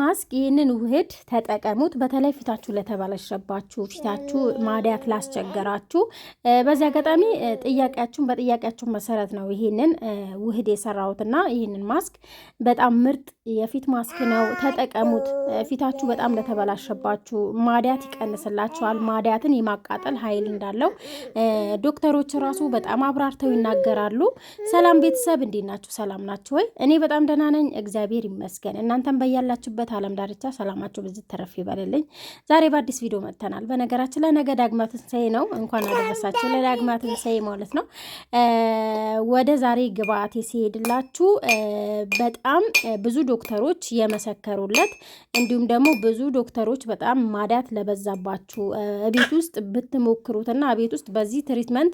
ማስክ ይህንን ውህድ ተጠቀሙት። በተለይ ፊታችሁ ለተበለሸባችሁ፣ ፊታችሁ ማዲያት ላስቸገራችሁ፣ በዚህ አጋጣሚ ጥያቄያችሁን በጥያቄያችሁ መሰረት ነው ይህንን ውህድ የሰራሁትና ይህንን ማስክ በጣም ምርጥ የፊት ማስክ ነው። ተጠቀሙት። ፊታችሁ በጣም ለተበላሸባችሁ፣ ማዲያት ይቀንስላችኋል። ማዲያትን የማቃጠል ኃይል እንዳለው ዶክተሮች ራሱ በጣም አብራርተው ይናገራሉ። ሰላም ቤተሰብ፣ እንዴት ናችሁ? ሰላም ናችሁ ወይ? እኔ በጣም ደህና ነኝ፣ እግዚአብሔር ይመስገን። እናንተም በያላችሁበት ዓለም ዳርቻ ሰላማችሁ ብዙ ተረፍ ይበልልኝ። ዛሬ በአዲስ ቪዲዮ መጥተናል። በነገራችን ላይ ነገ ዳግማ ነው። እንኳን አደረሳችሁ ለዳግማ ትንሣኤ ማለት ነው። ወደ ዛሬ ግብአቴ ሲሄድላችሁ በጣም ብዙ ዶክተሮች የመሰከሩለት እንዲሁም ደግሞ ብዙ ዶክተሮች በጣም ማዳት ለበዛባችሁ ቤት ውስጥ ብትሞክሩትና ቤት ውስጥ በዚህ ትሪትመንት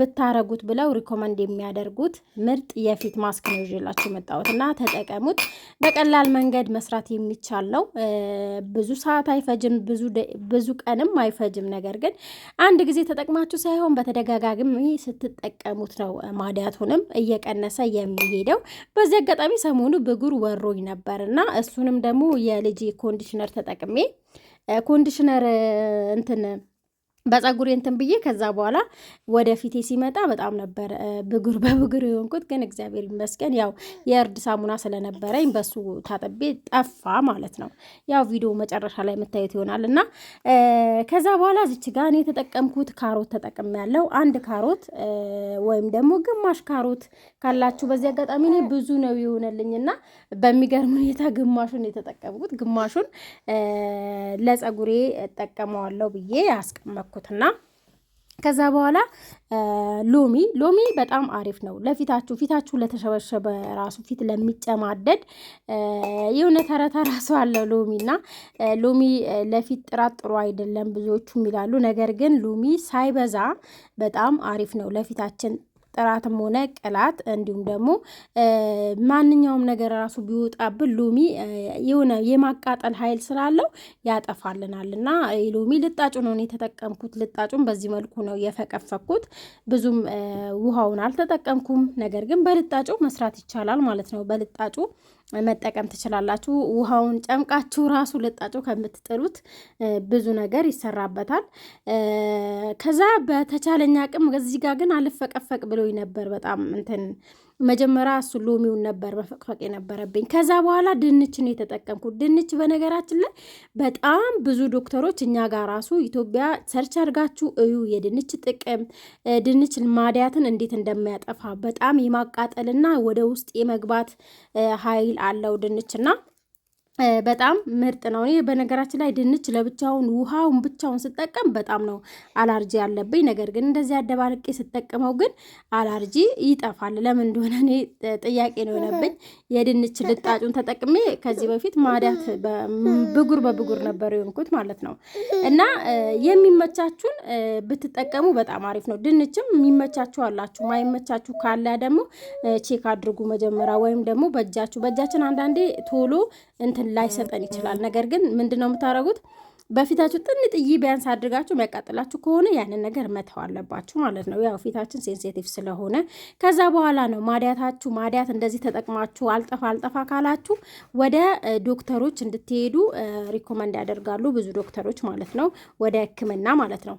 ብታረጉት ብለው ሪኮመንድ የሚያደርጉት ምርጥ የፊት ማስክ ነው ይዤላችሁ መጣሁት እና ተጠቀሙት። በቀላል መንገድ መስራት መስራት የሚቻል ነው። ብዙ ሰዓት አይፈጅም፣ ብዙ ቀንም አይፈጅም። ነገር ግን አንድ ጊዜ ተጠቅማችሁ ሳይሆን በተደጋጋሚ ስትጠቀሙት ነው ማዲያቱንም እየቀነሰ የሚሄደው። በዚህ አጋጣሚ ሰሞኑ ብጉር ወሮኝ ነበር እና እሱንም ደግሞ የልጅ ኮንዲሽነር ተጠቅሜ ኮንዲሽነር እንትን በፀጉሬ እንትን ብዬ ከዛ በኋላ ወደ ፊቴ ሲመጣ በጣም ነበር ብጉር በብጉር የሆንኩት። ግን እግዚአብሔር ይመስገን ያው የእርድ ሳሙና ስለነበረኝ በሱ ታጥቤ ጠፋ ማለት ነው። ያው ቪዲዮ መጨረሻ ላይ የምታዩት ይሆናል እና ከዛ በኋላ ዝች ጋ እኔ የተጠቀምኩት ካሮት ተጠቅም ያለው አንድ ካሮት ወይም ደግሞ ግማሽ ካሮት ካላችሁ በዚህ አጋጣሚ እኔ ብዙ ነው የሆነልኝ እና በሚገርም ሁኔታ ግማሹን የተጠቀምኩት ግማሹን ለፀጉሬ እጠቀመዋለሁ ብዬ አስቀመጥኩት። ያደረኩትና ከዛ በኋላ ሎሚ ሎሚ በጣም አሪፍ ነው ለፊታችሁ ፊታችሁ ለተሸበሸበ ራሱ ፊት ለሚጨማደድ የሆነ ተረታ ራሱ አለው ሎሚ እና ሎሚ ለፊት ጥራት ጥሩ አይደለም ብዙዎቹም ይላሉ ነገር ግን ሎሚ ሳይበዛ በጣም አሪፍ ነው ለፊታችን ጥራትም ሆነ ቅላት እንዲሁም ደግሞ ማንኛውም ነገር ራሱ ቢወጣብን ሎሚ የሆነ የማቃጠል ኃይል ስላለው ያጠፋልናል እና ሎሚ ልጣጩ ነው የተጠቀምኩት። ልጣጩን በዚህ መልኩ ነው የፈቀፈኩት። ብዙም ውሃውን አልተጠቀምኩም። ነገር ግን በልጣጩ መስራት ይቻላል ማለት ነው። በልጣጩ መጠቀም ትችላላችሁ። ውሃውን ጨምቃችሁ ራሱ ልጣጩ ከምትጥሉት ብዙ ነገር ይሰራበታል። ከዛ በተቻለኛ አቅም እዚህ ጋር ግን አልፈቀፈቅ ብሎ ብሎኝ ነበር። በጣም እንትን መጀመሪያ እሱ ሎሚውን ነበር መፈቅፈቅ የነበረብኝ። ከዛ በኋላ ድንች ነው የተጠቀምኩት። ድንች በነገራችን ላይ በጣም ብዙ ዶክተሮች እኛ ጋር ራሱ ኢትዮጵያ ሰርች አድርጋችሁ እዩ የድንች ጥቅም፣ ድንች ማድያትን እንዴት እንደሚያጠፋ በጣም የማቃጠልና ወደ ውስጥ የመግባት ኃይል አለው ድንችና በጣም ምርጥ ነው። እኔ በነገራችን ላይ ድንች ለብቻውን ውሃውን ብቻውን ስጠቀም በጣም ነው አላርጂ ያለብኝ። ነገር ግን እንደዚህ አደባልቄ ስጠቀመው ግን አላርጂ ይጠፋል። ለምን እንደሆነ እኔ ጥያቄ ነው የሆነብኝ። የድንች ልጣጩን ተጠቅሜ ከዚህ በፊት ማዳት ብጉር በብጉር ነበር የሆንኩት ማለት ነው። እና የሚመቻችሁን ብትጠቀሙ በጣም አሪፍ ነው። ድንችም የሚመቻችሁ አላችሁ፣ ማይመቻችሁ ካለ ደግሞ ቼክ አድርጉ መጀመሪያ፣ ወይም ደግሞ በእጃችሁ በእጃችን አንዳንዴ ቶሎ እንትን ላይሰጠን ይችላል። ነገር ግን ምንድነው የምታደርጉት? በፊታችሁ ጥንጥዬ ቢያንስ አድርጋችሁ የሚያቃጥላችሁ ከሆነ ያንን ነገር መተው አለባችሁ ማለት ነው። ያው ፊታችን ሴንሴቲቭ ስለሆነ ከዛ በኋላ ነው ማዲያታችሁ ማዲያት እንደዚህ ተጠቅማችሁ አልጠፋ አልጠፋ ካላችሁ ወደ ዶክተሮች እንድትሄዱ ሪኮመንድ ያደርጋሉ ብዙ ዶክተሮች ማለት ነው፣ ወደ ሕክምና ማለት ነው።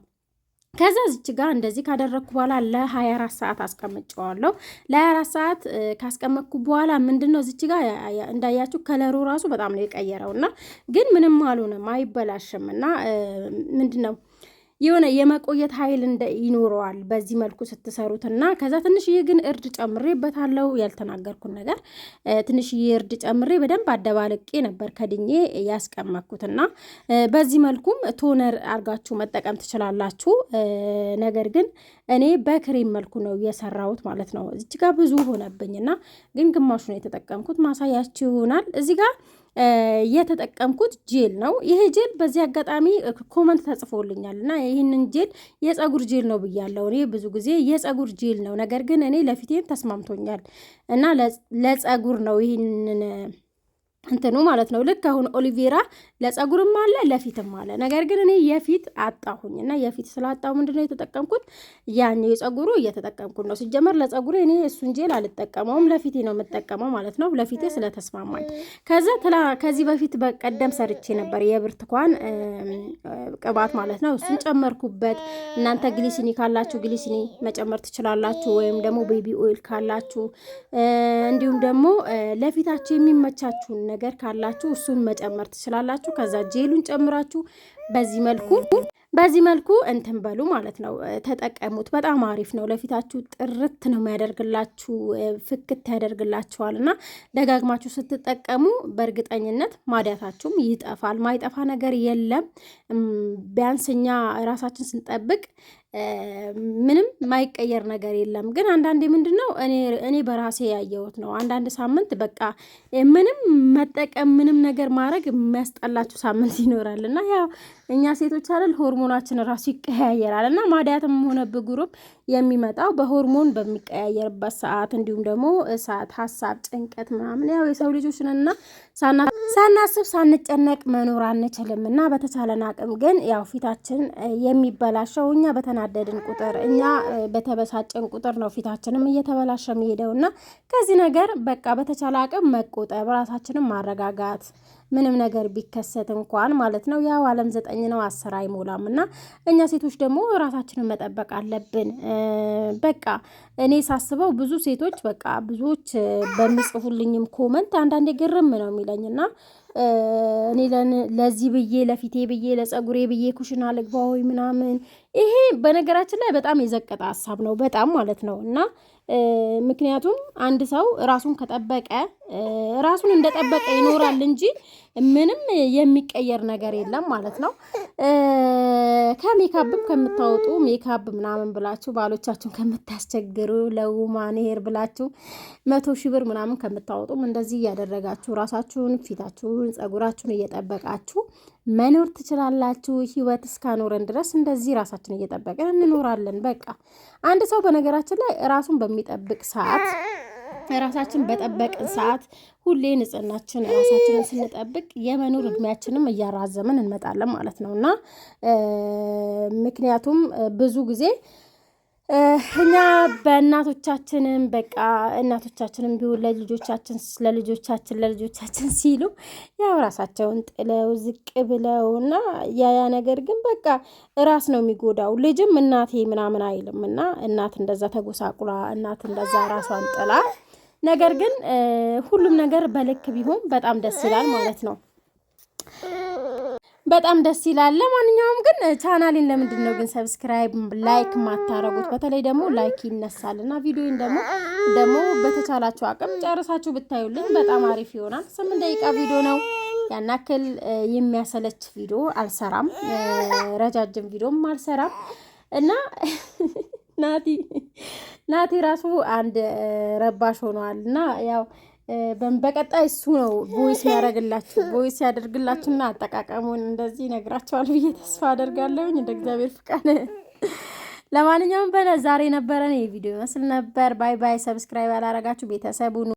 ከዛ ዝች ጋር እንደዚህ ካደረግኩ በኋላ ለ24 ሰዓት አስቀምጨዋለሁ። ለ24 ሰዓት ካስቀመጥኩ በኋላ ምንድን ነው ዝች ጋር እንዳያችሁ ከለሩ ራሱ በጣም ነው የቀየረው እና ግን ምንም አልሆነም አይበላሽም እና ምንድን ነው የሆነ የመቆየት ኃይል ይኖረዋል በዚህ መልኩ ስትሰሩትና ከዛ ትንሽዬ ግን እርድ ጨምሬበታለሁ። ያልተናገርኩን ነገር ትንሽዬ እርድ ጨምሬ በደንብ አደባለቄ ነበር ከድኜ ያስቀመጥኩትና በዚህ መልኩም ቶነር አድርጋችሁ መጠቀም ትችላላችሁ። ነገር ግን እኔ በክሬም መልኩ ነው የሰራሁት ማለት ነው። እዚህ ጋር ብዙ ሆነብኝና ግን ግማሹ ነው የተጠቀምኩት። ማሳያችሁ ይሆናል እዚህ ጋር የተጠቀምኩት ጄል ነው። ይሄ ጄል በዚህ አጋጣሚ ኮመንት ተጽፎልኛል እና ይህንን ጄል የጸጉር ጄል ነው ብያለሁ። እኔ ብዙ ጊዜ የጸጉር ጄል ነው፣ ነገር ግን እኔ ለፊቴም ተስማምቶኛል እና ለጸጉር ነው ይህንን እንትኑ ማለት ነው። ልክ አሁን ኦሊቬራ ለጸጉርም አለ ለፊትም አለ። ነገር ግን እኔ የፊት አጣሁኝ እና የፊት ስላጣሁ ምንድነው የተጠቀምኩት? ያን የጸጉሩ እየተጠቀምኩት ነው። ሲጀመር ለጸጉሩ እኔ እሱን ጄል አልጠቀመውም፣ ለፊቴ ነው የምጠቀመው ማለት ነው። ለፊቴ ስለተስማማኝ። ከዛ ከዚህ በፊት በቀደም ሰርቼ ነበር የብርቱካን ቅባት ማለት ነው። እሱን ጨመርኩበት። እናንተ ግሊሲኒ ካላችሁ ግሊሲኒ መጨመር ትችላላችሁ፣ ወይም ደግሞ ቤቢ ኦይል ካላችሁ እንዲሁም ደግሞ ለፊታችሁ የሚመቻችሁን ነገር ካላችሁ እሱን መጨመር ትችላላችሁ። ከዛ ጄሉን ጨምራችሁ በዚህ መልኩ በዚህ መልኩ እንትን በሉ ማለት ነው፣ ተጠቀሙት። በጣም አሪፍ ነው። ለፊታችሁ ጥርት ነው የሚያደርግላችሁ፣ ፍክት ያደርግላችኋል እና ደጋግማችሁ ስትጠቀሙ በእርግጠኝነት ማዳታችሁም ይጠፋል። ማይጠፋ ነገር የለም። ቢያንስ እኛ ራሳችን ስንጠብቅ ምንም ማይቀየር ነገር የለም። ግን አንዳንዴ ምንድን ነው እኔ በራሴ ያየሁት ነው። አንዳንድ ሳምንት በቃ ምንም መጠቀም ምንም ነገር ማድረግ የሚያስጠላችሁ ሳምንት ይኖራል እና ያው እኛ ሴቶች አይደል ሆርሞናችን ራሱ ይቀያየራል እና ማዳያትም ሆነ ብጉርም የሚመጣው በሆርሞን በሚቀያየርበት ሰዓት እንዲሁም ደግሞ እሳት፣ ሀሳብ፣ ጭንቀት ምናምን ያው የሰው ልጆችንና ሳናስብ ሳንጨነቅ መኖር አንችልም እና በተቻለን አቅም ግን ያው ፊታችን የሚበላሸው እኛ በተናደድን ቁጥር እኛ በተበሳጨን ቁጥር ነው ፊታችንም እየተበላሸ የሚሄደው እና ከዚህ ነገር በቃ በተቻለ አቅም መቆጠብ ራሳችንም ማረጋጋት ምንም ነገር ቢከሰት እንኳን ማለት ነው ያው አለም ዘጠኝ ነው አስር አይሞላም። እና እኛ ሴቶች ደግሞ ራሳችንን መጠበቅ አለብን። በቃ እኔ ሳስበው ብዙ ሴቶች በቃ ብዙዎች በሚጽፉልኝም ኮመንት አንዳንዴ ግርም ነው የሚለኝ እና እኔ ለዚህ ብዬ ለፊቴ ብዬ ለጸጉሬ ብዬ ኩሽና ልግባ ወይ ምናምን ይሄ በነገራችን ላይ በጣም የዘቀጠ ሀሳብ ነው፣ በጣም ማለት ነው እና ምክንያቱም አንድ ሰው ራሱን ከጠበቀ ራሱን እንደጠበቀ ይኖራል እንጂ ምንም የሚቀየር ነገር የለም ማለት ነው። ከሜካፕም ከምታወጡ ሜካፕ ምናምን ብላችሁ ባሎቻችሁን ከምታስቸግሩ ለውማን ሄር ብላችሁ መቶ ሺህ ብር ምናምን ከምታወጡም እንደዚህ እያደረጋችሁ ራሳችሁን፣ ፊታችሁን፣ ጸጉራችሁን እየጠበቃችሁ መኖር ትችላላችሁ። ህይወት እስካኖረን ድረስ እንደዚህ ራሳችን እየጠበቅን እንኖራለን። በቃ አንድ ሰው በነገራችን ላይ ራሱን በሚጠብቅ ሰዓት ራሳችን በጠበቅን ሰዓት ሁሌ ንጽህናችን ራሳችንን ስንጠብቅ የመኖር እድሜያችንም እያራዘምን እንመጣለን ማለት ነው እና ምክንያቱም ብዙ ጊዜ እኛ በእናቶቻችንም በቃ እናቶቻችንም ቢሆን ለልጆቻችን ለልጆቻችን ለልጆቻችን ሲሉ ያው ራሳቸውን ጥለው ዝቅ ብለው እና ያያ ነገር ግን በቃ ራስ ነው የሚጎዳው። ልጅም እናቴ ምናምን አይልም እና እናት እንደዛ ተጎሳቁላ እናት እንደዛ ራሷን ጥላ ነገር ግን ሁሉም ነገር በልክ ቢሆን በጣም ደስ ይላል ማለት ነው። በጣም ደስ ይላል። ለማንኛውም ግን ቻናሌን ለምንድን ነው ግን ሰብስክራይብ፣ ላይክ ማታረጉት? በተለይ ደግሞ ላይክ ይነሳል እና ቪዲዮን ደግሞ ደግሞ በተቻላችሁ አቅም ጨርሳችሁ ብታዩልኝ በጣም አሪፍ ይሆናል። ስምንት ደቂቃ ቪዲዮ ነው ያን ያክል የሚያሰለች ቪዲዮ አልሰራም፣ ረጃጅም ቪዲዮም አልሰራም እና ናቲ ናቲ ራሱ አንድ ረባሽ ሆነዋል እና ያው በቀጣይ እሱ ነው ቦይስ ያደርግላችሁ ቦይስ ያደርግላችሁና አጠቃቀሙን እንደዚህ ነግራቸዋል ብዬ ተስፋ አደርጋለሁኝ እንደ እግዚአብሔር ፍቃድ። ለማንኛውም በለ ዛሬ ነበረን የቪዲዮ ይመስል ነበር። ባይ ባይ። ሰብስክራይብ ያላረጋችሁ ቤተሰቡ